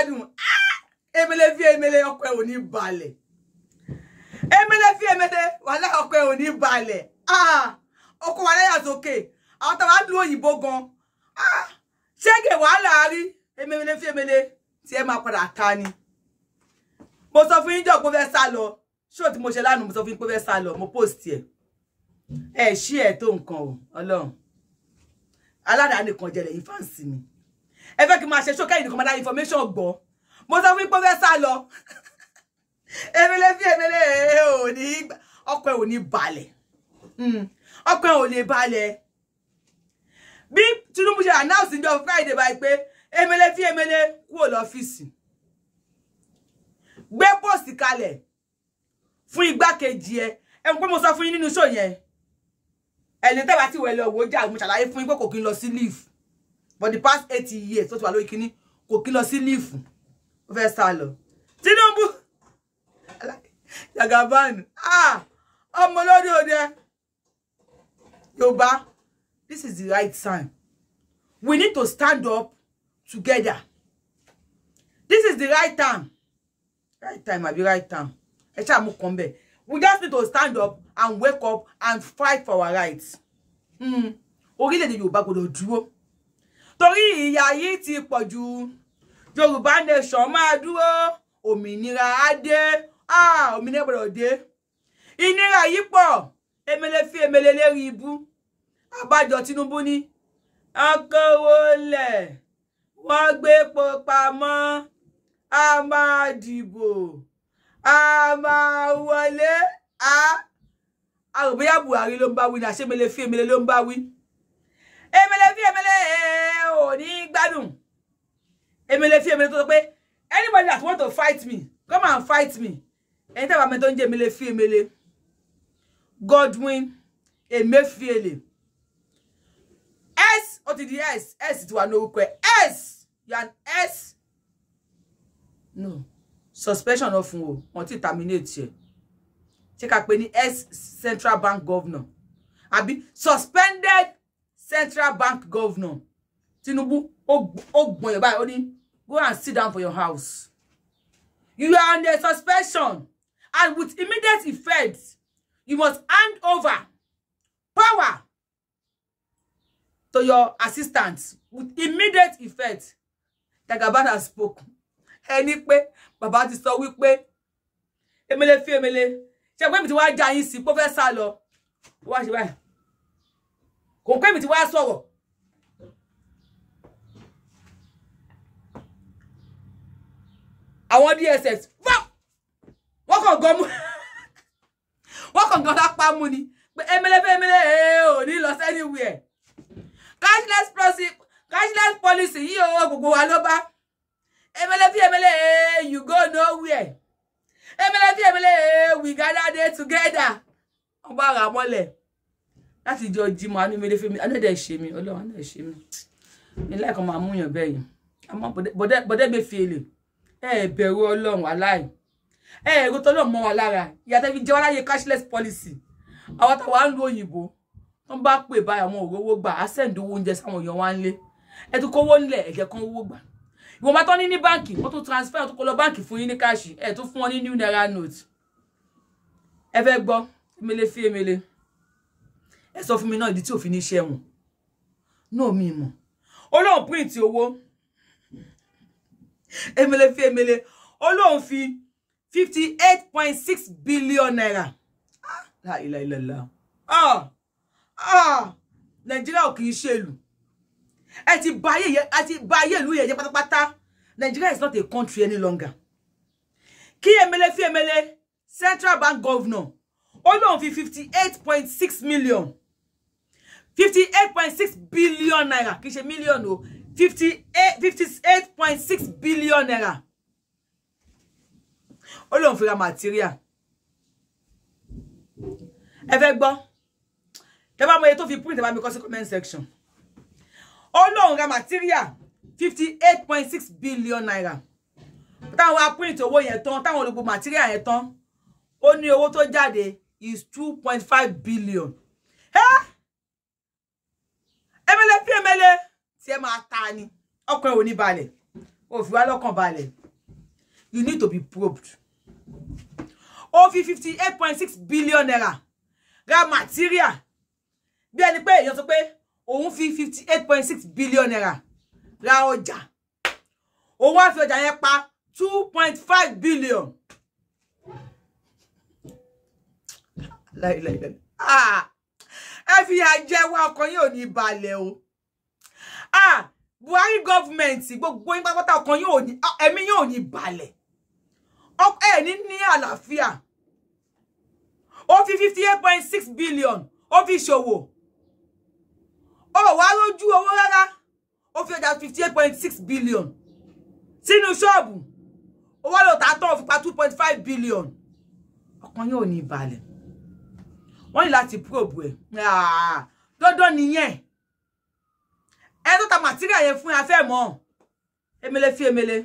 Ah, emele fi emele ọkọ ẹ ò ní balẹ̀ emele fi emele wàhálà ọkọ ẹ ò ní balẹ̀ ah! ọkọ wàhálà yàtọ̀kè àwọn tàbá dúró òyìnbó gan ah! ṣége wàhálà rí emele fi emele tí ẹ máa padà ta ni mo sọ fún yín jọ pé fẹ́ sá lọ ṣó mo ṣe lánàá mo sọ fún yín pé fẹ́ sá mo post ẹ̀ ẹ̀ ṣí ẹ̀ tó nǹkan o ọlọ́run aládàáni kan jẹlẹ̀ yìí fáǹsì mi ẹ fẹ́ kí n máa ṣe ṣókẹ́ ìdí kọ́mọ́dá information gbọ́ mo sọ fún pé fẹ́ sá lọ emele fi emele eh, ò ní ọkọ̀ ẹ̀ ò ní balẹ̀ hmm, ọkọ̀ ẹ̀ ò lè balẹ̀ bí Tinubu ṣe announce ní ọjọ́ Friday báyìí pé emele fi emele kúrò lọ́fíìsì gbé pòsì kalẹ̀ fún igbákejì ẹ ẹ mọ̀ pé mo sọ fún yín nínú ṣò yẹn ẹni tẹ́wàá tí wẹ̀ lọ wò ó jà mo ṣàlàyé fún yín pé kò kí n lọ sí leave For the past eight years tó ti wà lórí kínní kò kí lọ sí líìfù ó fẹ́ sá lọ Tinubu Jagaban ah ọmọ lórí Yoba. this is the right time we need to stand up together this is the right time right time be right time ẹ ṣáà mú kan bẹ́ẹ̀ we just need to stand up and wake up and fight for our rights Hmm. orílẹ̀-èdè Yorùbá gbọ́dọ̀ dúró torí ìyà yìí ti pọ̀ jù yorùbá nation máa dúró òmìnira á dé òmìnira gbọ́dọ̀ dé ìnira yìí pọ̀ emele fi emele lérí ibú àbájọ tinubu ni akọwọ lẹ gbé epo pamọ́ a máa dìbò a máa wọlé a àròbóyá buhari ló ń bá wí ní àṣemele fi emele ló ń bá wí emele fi emele ee ò ní gbádùn emele fi emele tó sọ anybody that want to fight me come and fight me ẹni tẹ́ bá mi tó ń jẹ́ emele fi emele Godwin Emefiele S ó ti di S S ti wà ní orúkọ S you an S no suspension of fún o wọn ti terminate ẹ ṣé ká pè ní S Central Bank Governor àbí suspended Central Bank Governor Tinubu ó gbọ̀n yẹn báyìí ó ní go and sit down for your house you are under suspension and with immediate effect you must hand over power to your assistant with immediate effect Jagabata spoke ẹni pé bàbá ti sọ wípé emele fi emele ṣe pé mi ti wá já yín sí pé ó fẹ́ sá lọ ó wá ṣe báyìí kò pé mi ti wá sọ̀rọ̀ àwọn DSS wọ́n kàn gan mú wọ́n kàn gan lápá mú ni pé emelebe emele ò ní lọ anywhere cashless policy cashless policy yìí owó gbogbo wa ló bá emelebe emele you go nowhere emelebe emele we gather there together ọba ara mọ́lẹ̀ láti jọ jimọ anú mi lè fi mi anú ẹ̀dẹ̀ ṣe mi ọlọ́run anú ẹ̀ ṣe mi mi láìka máa múyàn bẹ́ẹ̀ yìí bọ́dẹ́ bẹ́ẹ̀ fi èlè ẹ bẹ̀rù ọlọ́run aláì ẹ èrò tó lọ́mọ wa lára ìyàtọ̀ fi jẹ́ wá láyé cashless policy àwọn táwa ń lu òyìnbó wọ́n bá pè báyà wọn ò rówó gbà á sẹ́ǹdì owó oúnjẹ sáwọn èèyàn wa ń lé ẹ tún kówó ńlẹ̀ ẹ̀jẹ̀ kan owó gbà ìwọ̀n bá tán ní ní báǹkì wọ́n tún transfer tó kó lọ báǹkì fún yín ní káàṣì ẹ̀ tún fún wọn ní new naira note ẹ fẹ́ gbọ́ emele fi emele ẹ sọ fún mi náà ìdí tí òfin ní iṣẹ́ wọn náà mi mọ̀ olóhùn print owó emele fi emele ó fi fifty eight point six billion naira ah, la ilà ilà Ah, ah. Nigeria, kì í ṣe ìlú ẹ ti bà ayé yẹ ẹ ti bà ayé ìlú yẹ jẹ́ pátápátá Nigeria is not a country any longer kí emele fi emele central bank governor ó lóun fi fifty eight point six million fifty eight point six billion naira kì í million, mílíọ̀nù o fifty-eight point six billion naira ó lóun fi ra material ẹ fẹ́ gbọ́ tẹ bá mọ iye tó fi print bá mi kọ comment section ó lóun ra material fifty-eight point six billion naira táwọn wá print owó yẹn tán táwọn olùgbò material yẹn tán ó ní owó tó jáde is two point five billion. ẹ ẹ mẹlẹ fi tí ẹ máa ta ni ọkàn ò ní balẹ̀ o fi wá lọ́kàn balẹ̀ you need to be probed o fi fifty eight point six billion naira ra material bí ẹni pé èèyàn sọ pé òun fi fifty eight point six billion naira ra ọjà òun wá fi ọjà yẹn pa two point five billion. láìláìláì ah! ẹ fi àjẹwọ́ ọkàn yóò ní balẹ̀ o ah Buhari gọ́fìmẹ̀ntì gbogbo yín pátápátá ọkàn yóò ní ẹ̀mí yóò ní balẹ̀ ẹ ní ni àlàáfíà ó fi fifty eight point six billion ó fi ṣòwò ó wá lójú owó rárá ó fi ọjà fifty eight point six billion Sinu ṣọ́ọ̀bù ó wá lọ tà tán fi pa two point five billion ọkàn yóò ní balẹ̀ wọ́n ní láti probe ẹ̀ ah, dandan nìyẹn ta material yẹn fún yẹn afẹ́ emele fi emele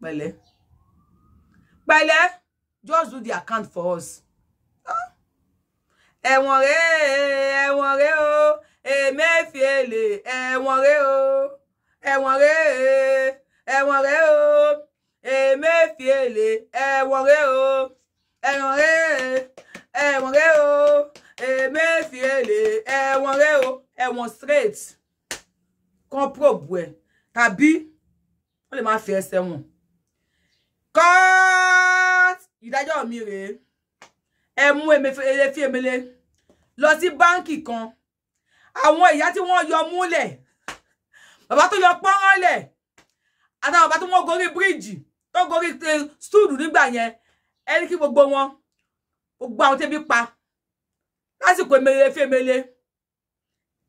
pẹ̀lẹ́ pẹ̀lẹ́ just do the account for us ah. ẹ̀wọ̀n rẹ̀ ẹ̀wọ̀n rẹ̀ o Emefiele ẹ̀wọ̀n rẹ̀ o ẹ̀wọ̀n rẹ̀ ẹ̀wọ̀n rẹ̀ o Emefiele ẹ̀wọ̀n rẹ̀ o ẹ̀wọ̀n rẹ̀ ẹ̀wọ̀n rẹ̀ o Emefiele ẹ̀wọ̀n rẹ̀ o ẹ̀wọ̀n straight kán probe ẹ̀ tàbí wọ́n lè má fi ẹsẹ̀ wọn. court ìdájọ́ mi rèé ẹ mú emefele fi emele lọ sí báǹkì kan àwọn ìyá tí wọ́n yọ múlẹ̀ bàbá tó yọ pọ́nrán lẹ̀ àtàwọn bàbá tó wọ́n gorí bíríìjì tó gorí e, stúùdù nígbà yẹn ẹ ní kí gbogbo wọn gbogbo àwọn tẹ́bí pa lásìkò emele fi emele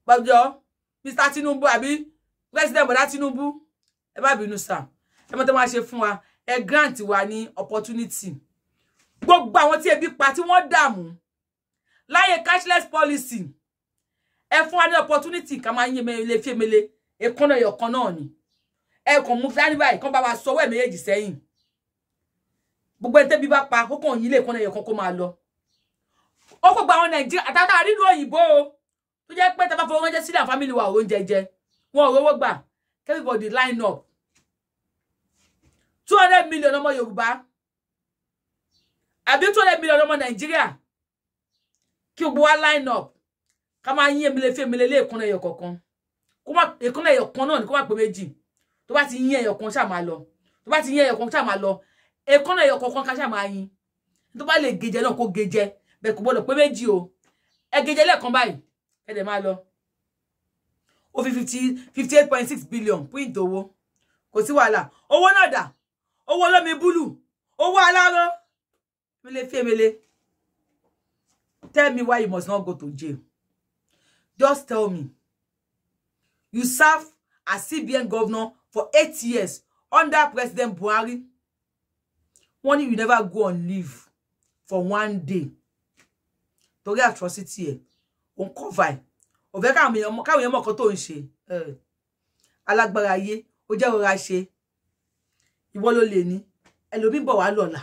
gbọ́dọ̀ Mr Tinubu àbí president Bọ́lá Tinubu ẹ bá bínú sá ẹ mọ̀ tó máa ṣe fún wa ẹ grant wa ní opportunity gbogbo àwọn tí ebi pa tí wọ́n dààmú láyé cashless policy ẹ fún wa ní opportunity ká máa yín mele fíemele èkánná ẹ̀yọ̀kan náà ni ẹ kàn mú fúlàní báyìí kán bá wa sọ ọwọ́ ẹ̀ méjèèjì sẹ́yìn gbogbo ẹni tẹ́bi bá pa kókó òyìn lè kọ́nà ẹ̀yọ̀kan kó máa lọ ó kó gba àwọn nàìjíríà àtàtà nílùú òyìnbó o tó jẹ́ pé tẹ́ bá fọwọ́ oúnjẹ sílẹ̀ àwọn fámìlì wa oúnjẹ jẹ wọn ò rówó gbà everybody line up two hundred million ọmọ yorùbá àbí two hundred million ọmọ nàìjíríà kí gbogbo wa line up ká máa yín emile fi emile lé ìkúnlẹ̀ ẹyọ kọ̀ọ̀kan ìkúnlẹ̀ ẹyọ kan náà ni kó má pé méjì tó bá ti yín ẹyọ kan ṣáà máa lọ tó bá ti yín ẹyọ kan ṣáà máa lọ ìkúnlẹ̀ ẹyọ kọ̀ọ̀kan ká ṣáà máa yín tó bá lè gejẹ náà kó gejẹ bẹ́ẹ̀ kò gbọ́dọ̀ pé méjì o ẹ gejẹ lẹ́ẹ̀kan báyìí ẹ dẹ̀ máa lọ ó fi fifty eight point six billion print owó kò sí wàhálà owó náà dà owó olómi búlù owó aláró mele fèmele tell me why you must not go to jail just tell me you serve as CBN governor for eight years under President Buhari wọ́n ní you never go on leave for one day torí atrocity ẹ̀ òun cover ẹ̀ ò fẹ́ káwọn èèyàn mọ̀ kan tó ń ṣe alágbára ayé ó jẹ́ rọra ṣe ìwọ ló lè ní ẹlòmíín bọ̀ wá lọ́la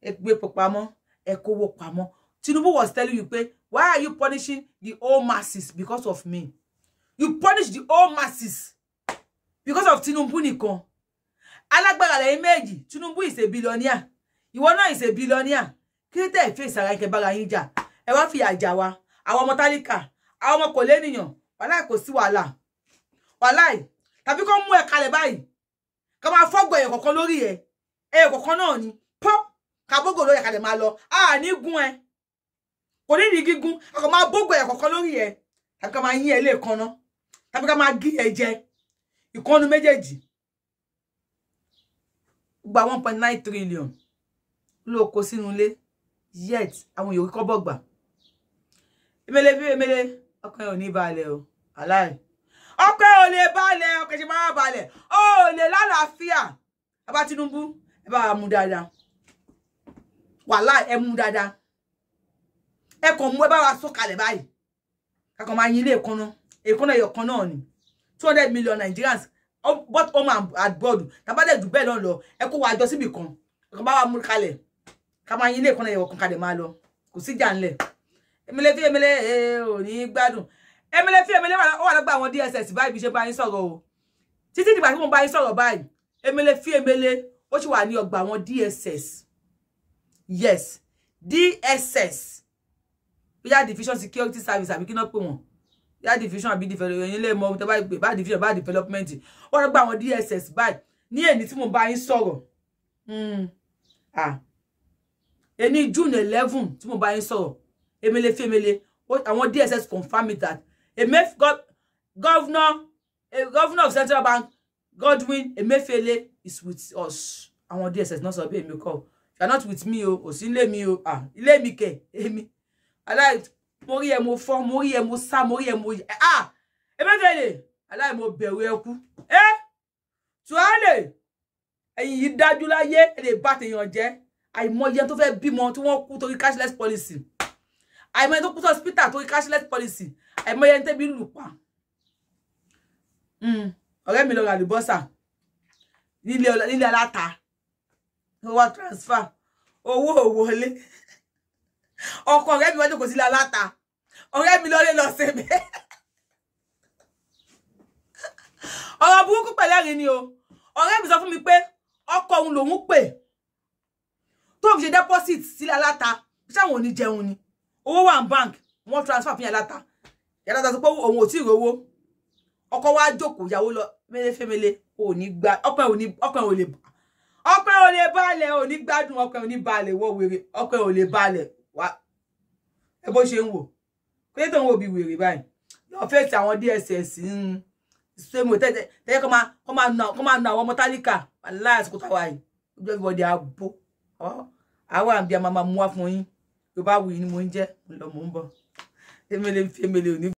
ẹ gbé pọ̀ pamọ́ ẹ kówó pamọ́ Tinubu was telling you pé why are you punishing the old masses because of me you punish the old masses because of Tinubu nìkan alágbára lẹ́yìn méjì Tinubu is a billionaire ìwọ náà is a billionaire kí ló tẹ̀ fèsì ara ẹ̀kẹ́ bára yín jà ẹ wá fìyà jà wa àwọn ọmọ tálíkà àwọn ọmọ kò lénìyàn wàláì kò sí wàhálà wàláì tàbí kó mú ẹ kalẹ̀ báyìí kó máa fọ́gbọ̀ ẹ̀yọ̀ kọ̀ọ̀kan lórí ẹ̀ ẹ̀yọ̀ kọ̀ọ̀kan náà ni pọ́ kàbógò lórí ẹ̀ kalẹ̀ máa lọ a ní gún ẹ kò ní ìrìn gígún a kò máa bógbò ẹ̀yọ̀ kọ̀ọ̀kan lórí ẹ̀ tàbí ká máa yín ẹ lẹ́ẹ̀kan náà tàbí ká máa gí ẹ jẹ ìkọ́nu méjèèjì gba one point nine trillion ló kó sínú ilé yet àwọn yòókì kọ́ bọ̀ gbà emele bí emele ọkàn ò ní balẹ̀ o aláì ọkọ ò lè balẹ̀ ọkọ ìṣe máa balẹ̀ ó lè lálàáfíà ẹ bá Tinubu ẹ bá mú dáadáa wàhálà ẹ mú dáadáa ẹ kàn mú ẹ bá wa sọ̀kalẹ̀ báyìí kakọ máa yin ilé ìkànnà ìkànnà ẹyọ kan náà ni two hundred million Nigerians but home and abroad tàbádẹ jù bẹ́ẹ̀ náà lọ ẹ kó wa jọ síbì kan ẹ kàn bá wa mú kalẹ̀ ká máa yin ilé ìkànnà ẹyọ kalẹ̀ máa lọ kò síjà ńlẹ̀ emele fi emele e, ò ní gbádùn emele fi emele ó wà lọ́gbà àwọn DSS báyìí bí ṣe bá yín sọ̀rọ̀ o títí dìgbà tí mo bá yín sọ̀rọ̀ báyìí emele fi emele ó sì wà ní ọgbà àwọn DSS yes DSS bóyá division security service àbí kí náà pè wọ́n bóyá division àbí development ẹ̀yin lè mọ ohun tó bá pè division bá development ó wà lọ́gbà àwọn DSS báyìí ni èyí tí mo bá yín Ah. Hmm, Eni June eleven tí mo bá yín sọ̀rọ̀ Emele Femele, àwọn DSS confirm me that Emef governor a eh, governor of Central Bank Godwin Emefele is with us. Àwọn DSS not sọ bí èmi kọ́ you are not with me o oh, ò sí ilé mi o oh, ah ilé mi kẹ̀ èmi aláì mo rí ẹ mo fọ́ mo rí ẹ mo sá mo rí ẹ mo ah Emefele aláì mo bẹ̀rù ẹkú ẹ eh, tuwálè ẹ̀yin yìí dájú láyé ẹ lè bá tèèyàn jẹ́ àìmọye tó fẹ́ bímọ tí wọ́n kú torí cashless policy àìmọye tó kú sí hospital torí cashless policy àìmọye ẹni tẹ́bi lù pa hmm, ọ̀rẹ́ mi lọ ra àlùbọ́sà nílé aláta owó transfer owó òwòlé ọkọ ọ̀rẹ́ mi wọ́n jókòó sílé aláta ọ̀rẹ́ mi lọ́lé lọ sèbé ọ̀rọ̀ burúkú pẹ̀lẹ́rìn ni o ọ̀rẹ́ mi sọ fún mi pé ọkọ òun lòun pè tóun ṣe deposit sílé aláta ṣáwọn ò ní jẹun ni owó wà ní bank wọ́n transfer fún yàrá ta yàrá ta sọ pé òun ò tí ì rówó ọkọ wa jókòó ìyàwó lọ mẹlẹfẹmẹlẹ ò ní gba ọpẹ ò ní ọpẹ ò lè ọpẹ ò lè balẹ̀ ò ní gbádùn ọpẹ ò ní balẹ̀ wọ wèrè ọpẹ ò lè balẹ̀ wá ẹ bó ṣe ń wò pé tó ń wo bí wèrè báyìí lọ fẹ́ ti àwọn dss ń ṣe mo tẹ́tẹ́ tẹ́tẹ́ kọ́ máa kọ́ máa nà kọ́ máa nà àwọn ọmọ aláàsìkò táwa yìí ojú ẹ̀fọ́ di àbò àwa àbí a mú wá fún yín tó bá wù yín ni mo ń jẹ mo lọ mo ń bọ emele fi emele ò